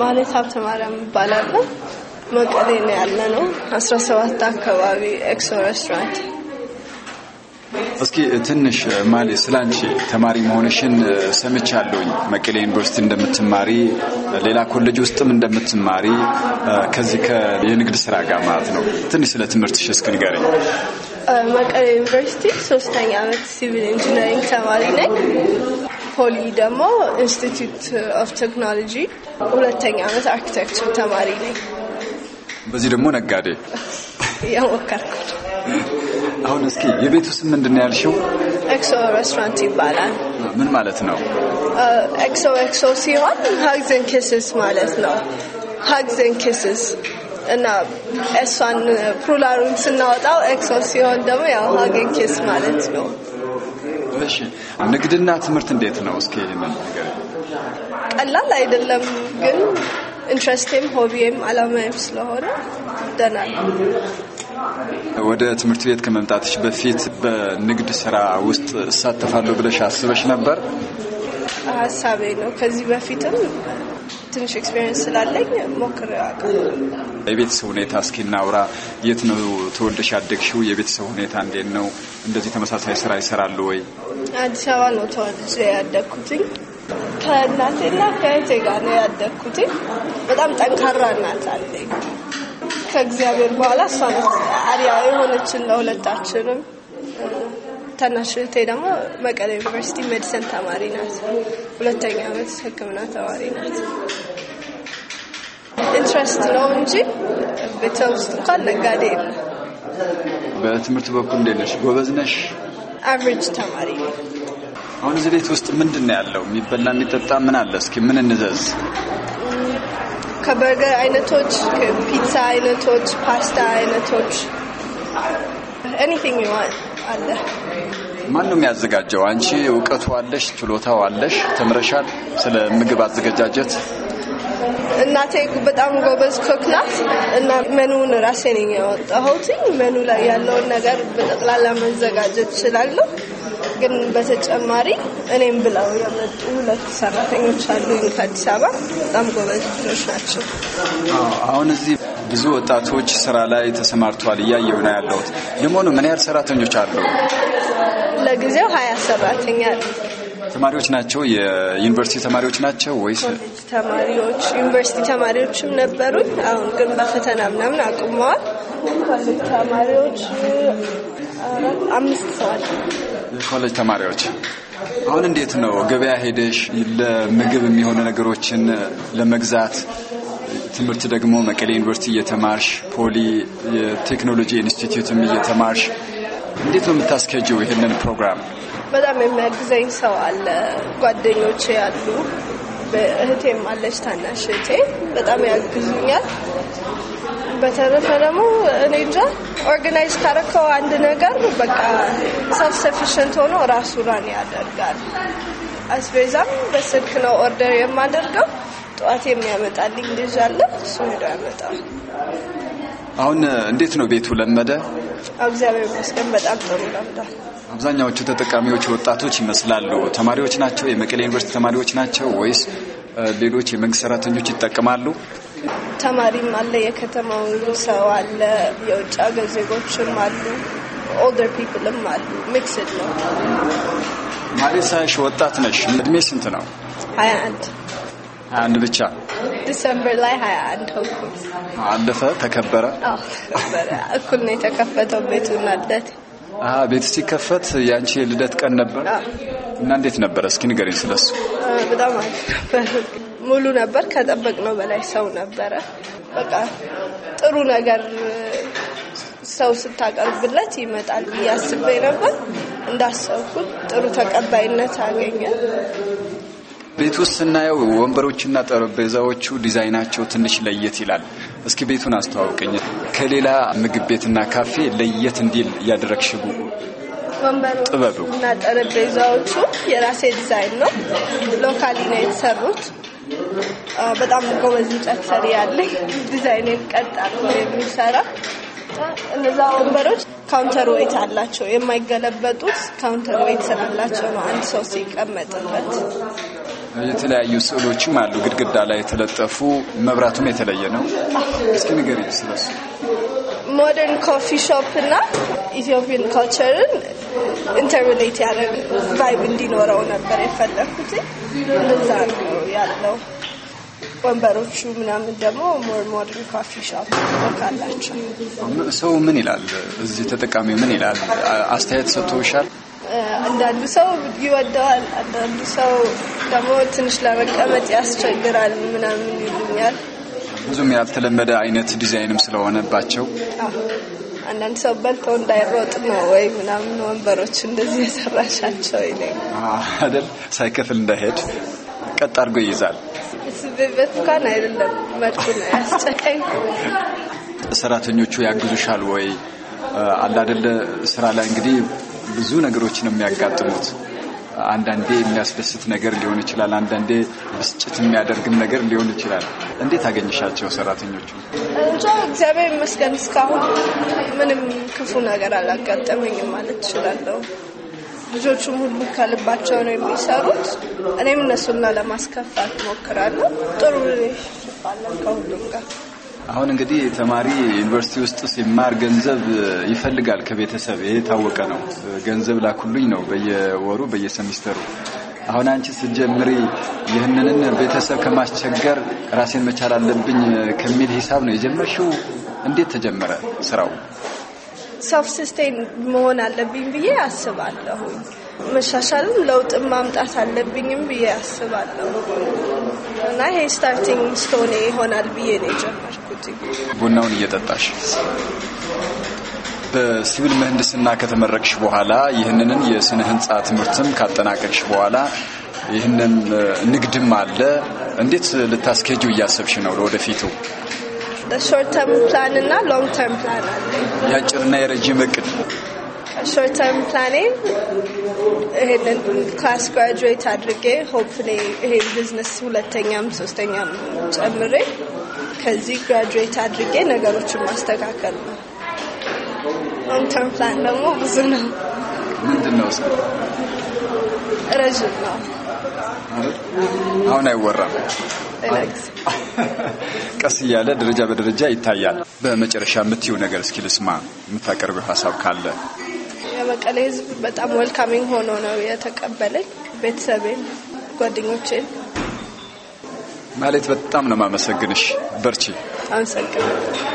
ማለት ሀብተ ማርያም እባላለሁ። መቀሌ ነው ያለ ነው አስራ ሰባት አካባቢ ኤክሶ ሬስቶራንት። እስኪ ትንሽ ማሌ ስለ አንቺ ተማሪ መሆንሽን ሰምቻለሁኝ። መቀሌ ዩኒቨርሲቲ እንደምትማሪ፣ ሌላ ኮሌጅ ውስጥም እንደምትማሪ ከዚህ የንግድ ስራ ጋር ማለት ነው። ትንሽ ስለ ትምህርትሽ እስኪ ንገረኝ። መቀሌ ዩኒቨርሲቲ ሶስተኛ ዓመት ሲቪል ኢንጂነሪንግ ተማሪ ነኝ። ፖሊ ደግሞ ኢንስቲትዩት ኦፍ ቴክኖሎጂ ሁለተኛ ዓመት አርኪቴክቸር ተማሪ ነኝ። በዚህ ደግሞ ነጋዴ እያሞከርኩ። አሁን እስኪ የቤቱ ስም ምንድን ነው ያልሽው? ኤክሶ ሬስቶራንት ይባላል። ምን ማለት ነው? ኤክሶ ኤክሶ ሲሆን ሀግዘን ኬስስ ማለት ነው። ሀግዘን ኬስስ እና እሷን ፕሩላሩን ስናወጣው ኤክሶ ሲሆን ደግሞ ያው ሀገን ኬስ ማለት ነው። ንግድና ትምህርት እንዴት ነው? እስኪ ቀላል አይደለም፣ ግን ኢንትረስቴም ሆቢም አላማዬም ስለሆነ ደናል። ወደ ትምህርት ቤት ከመምጣትሽ በፊት በንግድ ስራ ውስጥ እሳተፋለሁ ብለሽ አስበሽ ነበር? ሀሳቤ ነው። ከዚህ በፊትም ትንሽ ኤክስፔሪንስ ስላለኝ ሞክር የቤተሰብ ሁኔታ እስኪ እናውራ። የት ነው ተወልደሽ ያደግሽው? የቤተሰብ ሁኔታ እንዴት ነው? እንደዚህ ተመሳሳይ ስራ ይሰራሉ ወይ? አዲስ አበባ ነው ተወልጄ ያደግኩትኝ። ከእናቴና ከእህቴ ጋር ነው ያደግኩትኝ። በጣም ጠንካራ እናት አለኝ። ከእግዚአብሔር በኋላ እሷ አሪያ የሆነችን ለሁለታችንም። ታናሽ እህቴ ደግሞ መቀሌ ዩኒቨርሲቲ ሜዲሰን ተማሪ ናት። ሁለተኛ ዓመት ሕክምና ተማሪ ናት። ኢንትረስት ነው እንጂ ቤተሰብ ውስጥ እንኳን ነጋዴ የለም። በትምህርት በኩል እንዴት ነሽ? ጎበዝ ነሽ? አቨሬጅ ተማሪ ነው። አሁን እዚህ ቤት ውስጥ ምንድን ነው ያለው? የሚበላ የሚጠጣ ምን አለ? እስኪ ምን እንዘዝ? ከበርገር አይነቶች፣ ከፒዛ አይነቶች፣ ፓስታ አይነቶች ኤኒቲንግ አለ። ማን ነው የሚያዘጋጀው? አንቺ እውቀቱ አለሽ? ችሎታው አለሽ? ተምረሻል? ስለ ምግብ አዘገጃጀት እናቴ በጣም ጎበዝ ኮክ ናት እና መኑን ራሴ ነኝ ያወጣሁት። መኑ ላይ ያለውን ነገር በጠቅላላ መዘጋጀት እችላለሁ። ግን በተጨማሪ እኔም ብለው የመጡ ሁለት ሰራተኞች አሉ ከአዲስ አበባ በጣም ጎበዝ ልጆች ናቸው። አሁን እዚህ ብዙ ወጣቶች ስራ ላይ ተሰማርተዋል እያየሁ ነው ያለሁት። ለመሆኑ ምን ያህል ሰራተኞች አሉ? ለጊዜው ሀያ ሰራተኛ ተማሪዎች ናቸው? የዩኒቨርሲቲ ተማሪዎች ናቸው ወይስ ተማሪዎች? ዩኒቨርሲቲ ተማሪዎችም ነበሩት አሁን ግን በፈተና ምናምን አቁመዋል። ኮሌጅ ተማሪዎች አምስት ሰዋል። የኮሌጅ ተማሪዎች አሁን እንዴት ነው ገበያ ሄደሽ ለምግብ የሚሆኑ ነገሮችን ለመግዛት ትምህርት ደግሞ መቀሌ ዩኒቨርሲቲ እየተማርሽ ፖሊ የቴክኖሎጂ ኢንስቲትዩትም እየተማርሽ እንዴት ነው የምታስኬጂው ይህንን ፕሮግራም? በጣም የሚያግዘኝ ሰው አለ። ጓደኞቼ ያሉ እህቴም አለች፣ ታናሽ እህቴ በጣም ያግዙኛል። በተረፈ ደግሞ እኔ እንጃ ኦርጋናይዝ ካረከው አንድ ነገር በቃ ሰልፍ ሰፊሽንት ሆኖ ራሱ ራን ያደርጋል። አስቤዛም በስልክ ነው ኦርደር የማደርገው። ጠዋት የሚያመጣልኝ ልጅ አለ፣ እሱ ሄዶ ያመጣል። አሁን እንዴት ነው ቤቱ ለመደ? እግዚአብሔር ይመስገን በጣም ጥሩ ለምዳል። አብዛኛዎቹ ተጠቃሚዎች ወጣቶች ይመስላሉ። ተማሪዎች ናቸው? የመቀሌ ዩኒቨርሲቲ ተማሪዎች ናቸው ወይስ ሌሎች የመንግስት ሰራተኞች ይጠቀማሉ? ተማሪም አለ፣ የከተማው ሰው አለ፣ የውጭ ሀገር ዜጎችም አሉ፣ ኦልደር ፒፕልም አሉ። ሚክስድ ነው። ማሌ ማሌሳሽ ወጣት ነሽ። እድሜ ስንት ነው? ሀያ አንድ ሀያ አንድ ብቻ ዲሰምበር ላይ ሀያ አንድ ሆንኩ። አለፈ ተከበረ። እኩል ነው የተከፈተው ቤቱ ልደት ቤት ሲከፈት የአንቺ የልደት ቀን ነበር እና እንዴት ነበር? እስኪ ንገሪኝ ስለሱ። በጣም ሙሉ ነበር። ከጠበቅነው በላይ ሰው ነበረ። በቃ ጥሩ ነገር ሰው ስታቀርብለት ይመጣል ብዬ አስቤ ነበር። እንዳሰብኩት ጥሩ ተቀባይነት አገኘ። ቤት ውስጥ ስናየው ወንበሮችና ጠረጴዛዎቹ ዲዛይናቸው ትንሽ ለየት ይላል። እስኪ ቤቱን አስተዋውቀኝ። ከሌላ ምግብ ቤትና ካፌ ለየት እንዲል ያደረግሽው ጥበብ እና ጠረጴዛዎቹ የራሴ ዲዛይን ነው። ሎካሊ ነው የተሰሩት። በጣም ጎበዝ እንጨት ሰሪ ያለ ዲዛይን ቀጣል ነው የሚሰራ። እነዛ ወንበሮች ካውንተር ዌይት አላቸው። የማይገለበጡት ካውንተር ዌይት ስላላቸው ነው አንድ ሰው ሲቀመጥበት የተለያዩ ስዕሎችም አሉ ግድግዳ ላይ የተለጠፉ። መብራቱም የተለየ ነው። እስኪ ንገሪኝ ስለሱ። ሞደርን ኮፊ ሾፕ እና ኢትዮጵያን ካልቸርን ኢንተርሌት ያደረግ ቫይብ እንዲኖረው ነበር የፈለኩት። እንደዛ ነው ያለው። ወንበሮቹ ምናምን ደግሞ ሞር ሞደርን ኮፊ ሾፕ ካላቸው ሰው ምን ይላል? እዚህ ተጠቃሚ ምን ይላል? አስተያየት ሰጥቶሻል? አንዳንዱ ሰው ይወደዋል፣ አንዳንዱ ሰው ደግሞ ትንሽ ለመቀመጥ ያስቸግራል ምናምን ይሉኛል። ብዙም ያልተለመደ አይነት ዲዛይንም ስለሆነባቸው አንዳንድ ሰው በልቶ እንዳይሮጥ ነው ወይ ምናምን ወንበሮች እንደዚህ የሰራሻቸው ይ አይደል፣ ሳይከፍል እንዳይሄድ ቀጥ አድርጎ ይይዛል። ስቤበት እንኳን አይደለም መልኩ ነው ያስጨቀኝ። ሰራተኞቹ ያግዙሻል ወይ? አላደለ ስራ ላይ እንግዲህ ብዙ ነገሮች ነው የሚያጋጥሙት። አንዳንዴ የሚያስደስት ነገር ሊሆን ይችላል። አንዳንዴ ብስጭት የሚያደርግም ነገር ሊሆን ይችላል። እንዴት አገኘሻቸው ሰራተኞቹ? እንጃ እግዚአብሔር ይመስገን እስካሁን ምንም ክፉ ነገር አላጋጠመኝም ማለት እችላለሁ። ልጆቹም ሁሉ ከልባቸው ነው የሚሰሩት። እኔም እነሱና ለማስከፋት ሞክራለሁ። ጥሩ ሽፋለን ከሁሉም ጋር አሁን እንግዲህ ተማሪ ዩኒቨርሲቲ ውስጥ ሲማር ገንዘብ ይፈልጋል ከቤተሰብ ይሄ የታወቀ ነው። ገንዘብ ላኩልኝ ነው በየወሩ በየሰሚስተሩ። አሁን አንቺ ስትጀምሪ ይህንንን ቤተሰብ ከማስቸገር ራሴን መቻል አለብኝ ከሚል ሂሳብ ነው የጀመርሽው? እንዴት ተጀመረ ስራው? ሰልፍ መሆን አለብኝ ብዬ አስባለሁኝ። መሻሻልም ለውጥም ማምጣት አለብኝም ብዬ አስባለሁ እና ይሄ ስታርቲንግ ስቶኔ ይሆናል ብዬ ነው የጀመርኩት። ቡናውን እየጠጣሽ በሲቪል ምህንድስና ከተመረቅሽ በኋላ ይህንንን የስነ ህንፃ ትምህርትም ካጠናቀቅሽ በኋላ ይህንን ንግድም አለ። እንዴት ልታስኬጁ እያሰብሽ ነው ለወደፊቱ? ሾርት ተርም ፕላን እና ሎንግ ተርም ፕላን አለ። የአጭርና የረጅም እቅድ ሾርት ተርም ፕላኔ ይሄንን ክላስ ግራጁዌት አድርጌ ሆፕፍሊ ይሄ ቢዝነስ ሁለተኛም ሶስተኛም ጨምሬ ከዚህ ግራጁዌት አድርጌ ነገሮችን ማስተካከል ነው። ሎንግ ተርም ፕላን ደግሞ ብዙ ነው። ምንድን ረዥም ነው። አሁን አይወራም። ቀስ እያለ ደረጃ በደረጃ ይታያል። በመጨረሻ የምትይው ነገር እስኪ ልስማ፣ የምታቀርቢው ሀሳብ ካለ የመቀሌ ህዝብ በጣም ወልካሚንግ ሆኖ ነው የተቀበለኝ። ቤተሰቤን፣ ጓደኞቼን ማለት በጣም ነው ማመሰግንሽ። በርቺ። አመሰግናለሁ።